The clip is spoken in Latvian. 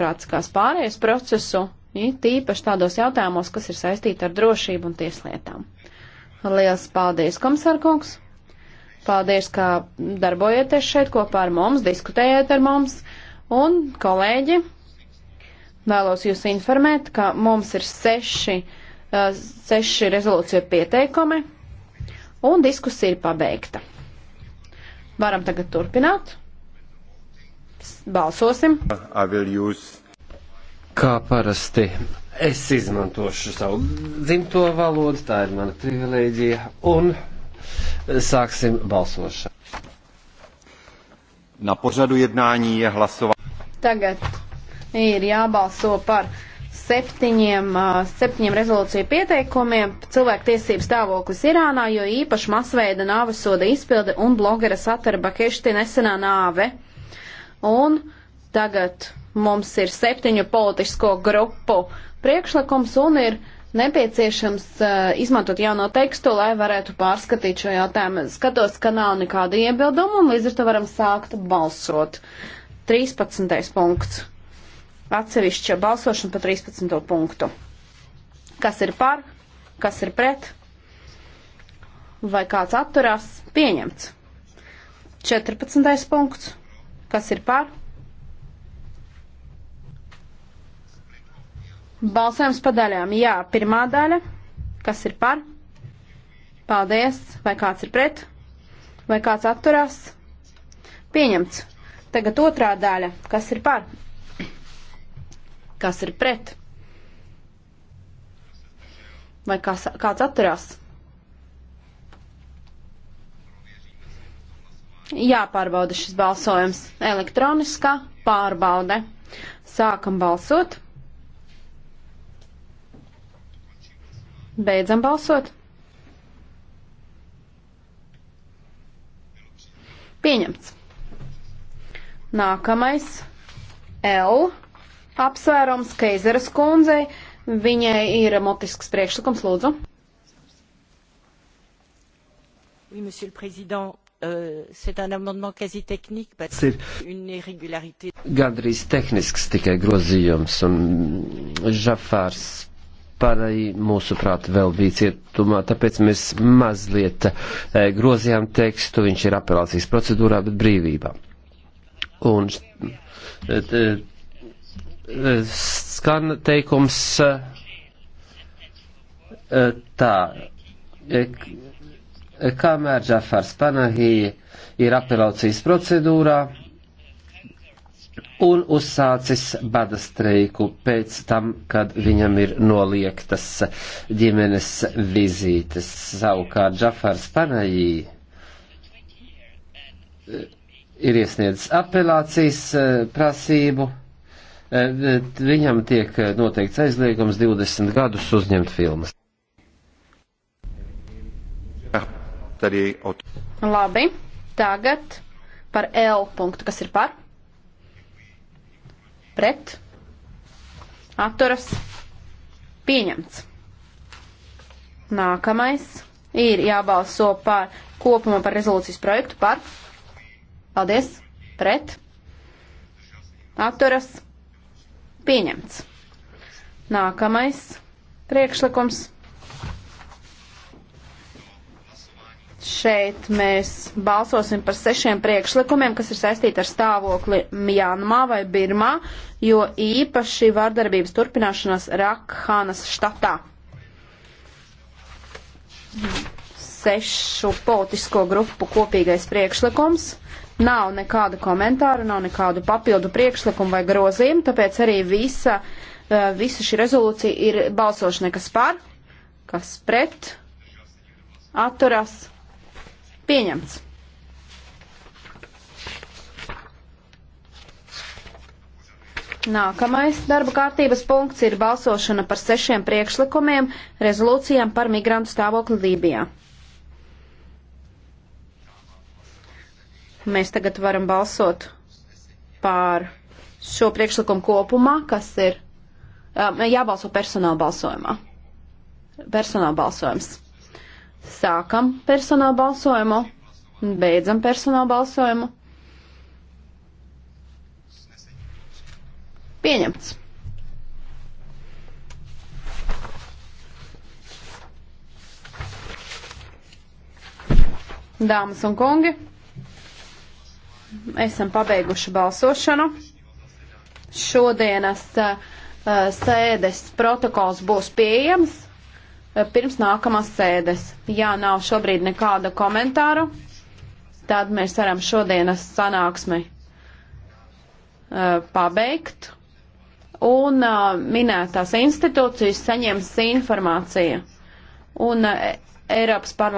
demokrātiskās pārējas procesu, tīpaši tādos jautājumos, kas ir saistīti ar drošību un tieslietām. Lielas paldies, komisārkungs! Paldies, ka darbojieties šeit kopā ar mums, diskutējiet ar mums un kolēģi. Vēlos jūs informēt, ka mums ir seši, eh, seši rezolūciju pieteikumi un diskusija ir pabeigta. Varam tagad turpināt. Balsosim. Kā parasti, es izmantošu savu dzimto valodu, tā ir mana privilēģija, un sāksim balsošanu. Na pořadu jednání je hlasování. Tagad ir jābalso par septiņiem, septiņiem rezolūciju pieteikumiem cilvēktiesību stāvoklis Irānā, jo īpaši masveida nāvesoda izpilde un blogera Satara Bakešti nesenā nāve. Un tagad mums ir septiņu politisko grupu priekšlikums un ir nepieciešams uh, izmantot jauno tekstu, lai varētu pārskatīt šo jautājumu. Skatos, ka nav nekāda iebilduma un līdz ar to varam sākt balsot. 13. punkts. Atsevišķa balsošana pa 13. punktu. Kas ir par, kas ir pret, vai kāds atturās, pieņemts. 14. punkts. Kas ir par? Balsojums pa daļām. Jā, pirmā daļa. Kas ir par? Paldies. Vai kāds ir pret? Vai kāds atturās? Pieņemts. Tagad otrā daļa. Kas ir par? Kas ir pret? Vai kāds, kāds atturās? Jāpārbauda šis balsojums. Elektroniskā pārbaude. Sākam balsot. Beidzam balsot. Pieņemts. Nākamais L apsvērums Keizeras kundzei. Viņai ir motisks priekšlikums, lūdzu. Oui, Euh, c'est un amendement quasi technique, bet ir une irregularité. Gandrīz tehnisks tikai grozījums, un Žafārs pārēj mūsuprāt vēl bija cietumā, tāpēc mēs mazliet eh, grozījām tekstu, viņš ir apelācijas procedūrā, bet brīvībā. Un eh, eh, skan teikums tā kamēr Džafars Panahī ir apelācijas procedūrā un uzsācis bada streiku pēc tam, kad viņam ir noliektas ģimenes vizītes. Savukārt Džafars Panahī eh, ir iesniedzis apelācijas eh, prasību. Eh, viņam tiek noteikts aizliegums 20 gadus uzņemt filmas. runāt arī. Labi, tagad par L punktu, kas ir par? Pret? Atturas? Pieņemts. Nākamais ir jābalso par kopumā par rezolūcijas projektu par. Paldies. Pret. Atturas. Pieņemts. Nākamais priekšlikums. Šeit mēs balsosim par sešiem priekšlikumiem, kas ir saistīti ar stāvokli Mjanmā vai Birmā, jo īpaši vardarbības turpināšanās Rakhānas štatā. Sešu politisko grupu kopīgais priekšlikums. Nav nekāda komentāra, nav nekādu papildu priekšlikumu vai grozījumu, tāpēc arī visa, eh, visa šī rezolūcija ir balsošana, kas par, kas pret, atturas Pieņemts. Nākamais darba kārtības punkts ir balsošana par sešiem priekšlikumiem rezolūcijām par migrantu stāvokli Lībijā. Mēs tagad varam balsot par šo priekšlikumu kopumā, kas ir jābalso personāla balsojumā. Personāla balsojums. Sākam personāla balsojumu un beidzam personāla balsojumu. Pieņemts. Dāmas un kungi, esam pabeiguši balsošanu. Šodienas uh, sēdes protokols būs pieejams. Eh, pirms nākamās sēdes. Ja nav šobrīd nekāda komentāra, tad mēs varam šodienas sanāksmi eh, pabeigt. Un eh, minētās institūcijas saņems informāciju. Un Eiropas parlaments.